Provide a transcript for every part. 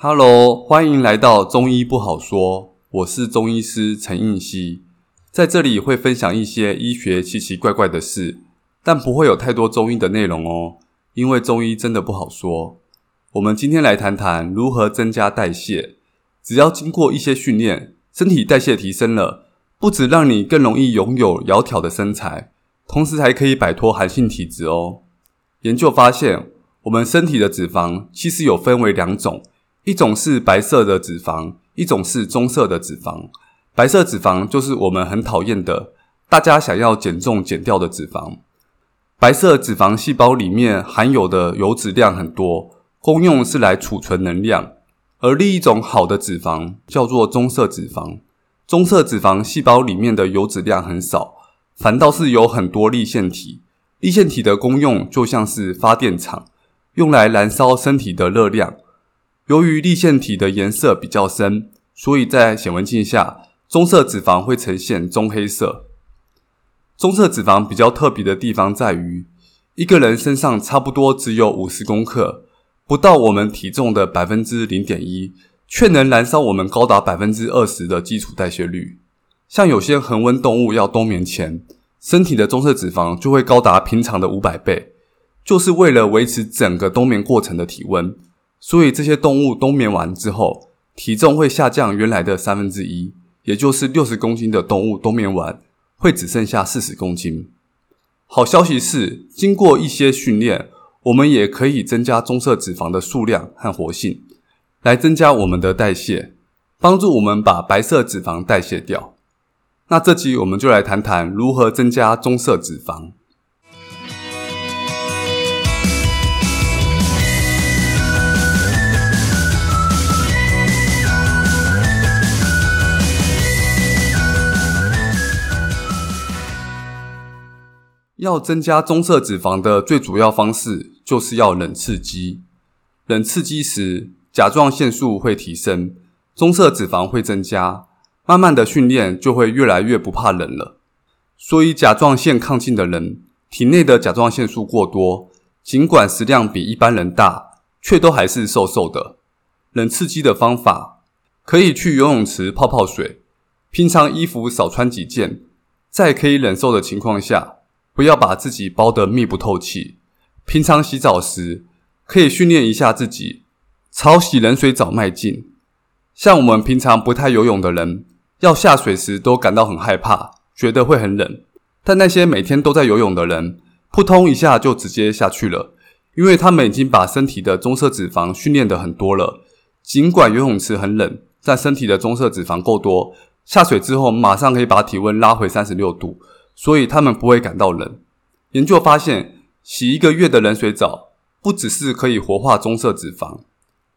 哈嘍，歡迎來到中醫不好說。我是中醫師陳應希。在這裡會分享一些醫學奇奇怪怪的事，但不會有太多中醫的內容哦，因為中醫真的不好說。我們今天來談談如何增加代謝。只要經過一些訓練，身體代謝提升了，不止讓你更容易擁有窈窕的身材，同時還可以擺脫寒性體質哦。研究發現，我們身體的脂肪其實有分為兩種。一種是白色的脂肪，一種是棕色的脂肪。白色脂肪就是我們很討厭的，大家想要減重減掉的脂肪。白色脂肪細胞裡面含有的油脂量很多，功用是來儲存能量。而另一種好的脂肪叫做棕色脂肪。棕色脂肪細胞裡面的油脂量很少，反倒是有很多粒線體。粒線體的功用就像是發電廠，用來燃燒身體的熱量。由於粒線體的顏色比較深，所以在顯微鏡下，棕色脂肪會呈現棕黑色。棕色脂肪比較特別的地方在於，一個人身上差不多只有五十公克，不到我們體重的百分之零點一，卻能燃燒我們高達百分之二十的基礎代謝率。像有些恆溫動物要冬眠前，身體的棕色脂肪就會高達平常的五百倍，就是為了維持整個冬眠過程的體溫。所以這些動物冬眠完之後，體重會下降原來的三分之一，也就是六十公斤的動物冬眠完會只剩下四十公斤。好消息是，經過一些訓練，我們也可以增加棕色脂肪的數量和活性，來增加我們的代謝，幫助我們把白色脂肪代謝掉。那這期我們就來談談如何增加棕色脂肪。要增加棕色脂肪的最主要方式，就是要冷刺激。冷刺激時，甲狀腺素會提升，棕色脂肪會增加。慢慢的訓練，就會越來越不怕冷了。所以，甲狀腺亢進的人，體內的甲狀腺素過多，儘管食量比一般人大，卻都還是瘦瘦的。冷刺激的方法，可以去游泳池泡泡水，平常衣服少穿幾件，在可以忍受的情況下。不要把自己包得密不透氣。平常洗澡時，可以訓練一下自己，朝洗冷水澡邁進。像我們平常不太游泳的人，要下水時都感到很害怕，覺得會很冷。但那些每天都在游泳的人，撲通一下就直接下去了，因為他們已經把身體的棕色脂肪訓練得很多了。儘管游泳池很冷，但身體的棕色脂肪夠多，下水之後馬上可以把體溫拉回三十六度。所以他們不會感到冷。研究發現，洗一個月的冷水澡，不只是可以活化棕色脂肪，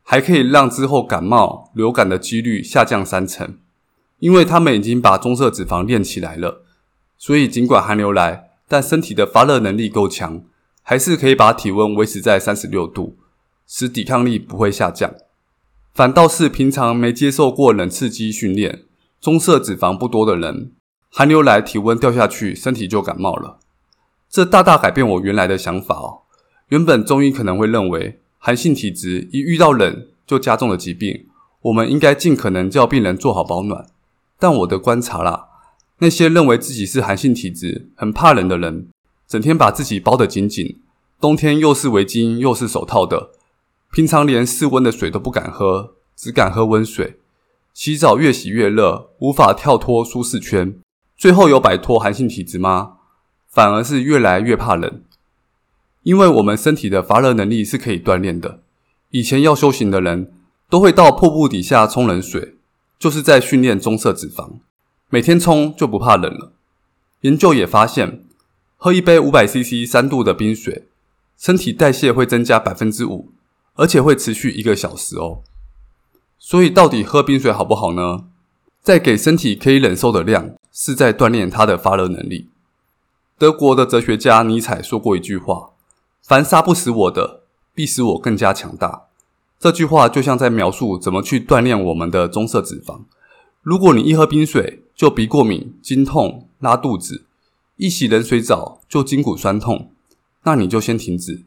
還可以讓之後感冒、流感的幾率下降三成。因為他們已經把棕色脂肪練起來了，所以儘管寒流來，但身體的發熱能力夠強，還是可以把體溫維持在三十六度，使抵抗力不會下降。反倒是平常沒接受過冷刺激訓練、棕色脂肪不多的人。寒流來，體溫掉下去，身體就感冒了。這大大改變我原來的想法哦。原本中醫可能會認為，寒性體質一遇到冷就加重了疾病，我們應該盡可能叫病人做好保暖。但我的觀察啦，那些認為自己是寒性體質、很怕冷的人，整天把自己包得緊緊，冬天又是圍巾又是手套的，平常連室溫的水都不敢喝，只敢喝溫水。洗澡越洗越熱，無法跳脫舒適圈，最後有擺脫寒性體質嗎？反而是越來越怕冷，因為我們身體的發熱能力是可以鍛鍊的。以前要修行的人都會到瀑布底下沖冷水，就是在訓練棕色脂肪。每天沖就不怕冷了。研究也發現，喝一杯五百 CC 三度的冰水，身體代謝會增加百分之五，而且會持續一個小時哦。所以到底喝冰水好不好呢？在給身體可以忍受的量，是在鍛煉它的發熱能力。德國的哲學家尼采說過一句話：“凡殺不死我的，必使我更加強大。”這句話就像在描述怎麼去鍛煉我們的棕色脂肪。如果你一喝冰水就鼻過敏、經痛、拉肚子；一洗冷水澡就筋骨痠痛，那你就先停止，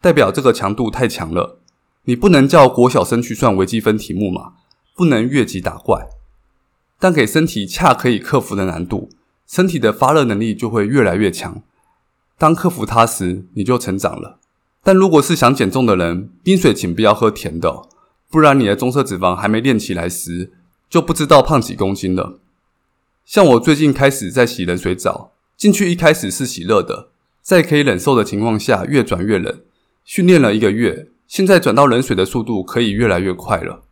代表這個強度太強了。你不能叫國小生去算微積分題目嘛？不能越級打怪。但給身體恰可以克服的難度，身體的發熱能力就會越來越強。當克服它時，你就成長了。但如果是想減重的人，冰水請不要喝甜的，不然你的棕色脂肪還沒練起來時，就不知道胖幾公斤了。像我最近開始在洗冷水澡，進去一開始是洗熱的，在可以忍受的情況下，越轉越冷。訓練了一個月，現在轉到冷水的速度可以越來越快了。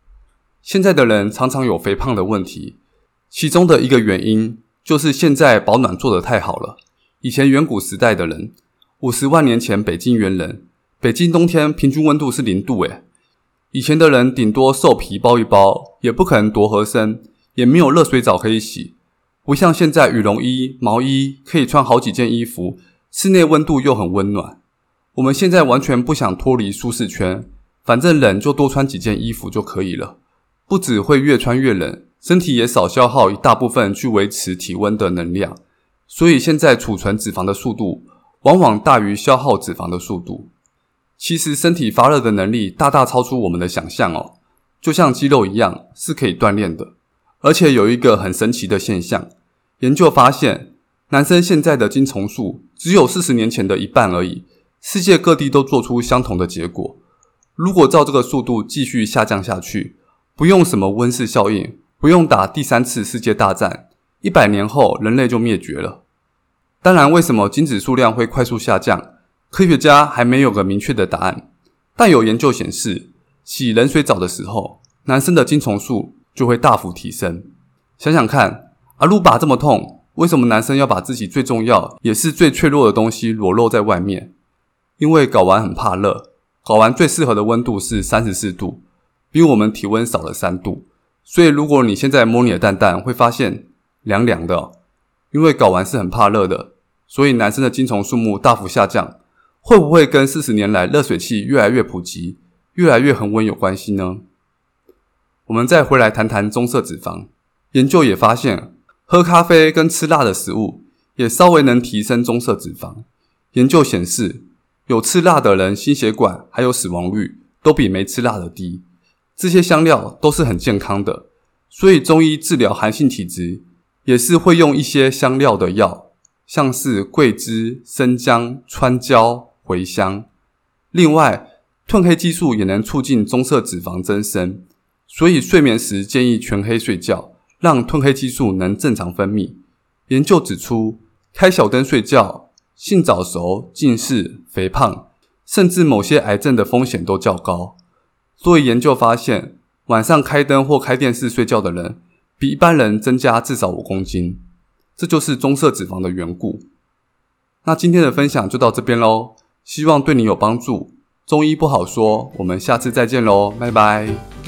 現在的人常常有肥胖的問題。其中的一個原因就是現在保暖做得太好了。以前遠古時代的人，五十萬年前北京猿人，北京冬天平均溫度是零度，誒。以前的人頂多獸皮包一包，也不可能多合身，也沒有熱水澡可以洗。不像現在羽絨衣、毛衣可以穿好幾件衣服，室內溫度又很溫暖。我們現在完全不想脫離舒適圈，反正冷就多穿幾件衣服就可以了，不只會越穿越冷。身體也少消耗一大部分去維持體溫的能量，所以現在儲存脂肪的速度往往大於消耗脂肪的速度。其實身體發熱的能力大大超出我們的想象哦，就像肌肉一樣是可以鍛鍊的，而且有一個很神奇的現象：研究發現，男生現在的精蟲數只有四十年前的一半而已，世界各地都做出相同的結果。如果照這個速度繼續下降下去，不用什麼溫室效應。不用打第三次世界大戰，一百年後人類就滅絕了。當然，為什麼精子數量會快速下降，科學家還沒有個明確的答案。但有研究顯示，洗冷水澡的時候，男生的精蟲數就會大幅提升。想想看，阿魯巴這麼痛，為什麼男生要把自己最重要也是最脆弱的東西裸露在外面？因為睾丸很怕熱，睾丸最適合的溫度是三十四度，比我們體溫少了三度。所以，如果你現在摸你的蛋蛋，會發現涼涼的，因為睾丸是很怕熱的。所以，男生的精蟲數目大幅下降，會不會跟四十年來熱水器越來越普及、越來越恆溫有關係呢？我們再回來談談棕色脂肪。研究也發現，喝咖啡跟吃辣的食物也稍微能提升棕色脂肪。研究顯示，有吃辣的人心血管還有死亡率都比沒吃辣的低。這些香料都是很健康的，所以中醫治療寒性體質也是會用一些香料的藥，像是桂枝、生薑、川椒、茴香。另外，褪黑激素也能促進棕色脂肪增生，所以睡眠時建議全黑睡覺，讓褪黑激素能正常分泌。研究指出，開小燈睡覺，性早熟、近視、肥胖，甚至某些癌症的風險都較高。所以研究發現，晚上開燈或開電視睡覺的人，比一般人增加至少五公斤，這就是棕色脂肪的緣故。那今天的分享就到這邊嘍，希望對你有幫助。中醫不好說，我們下次再見嘍，拜拜。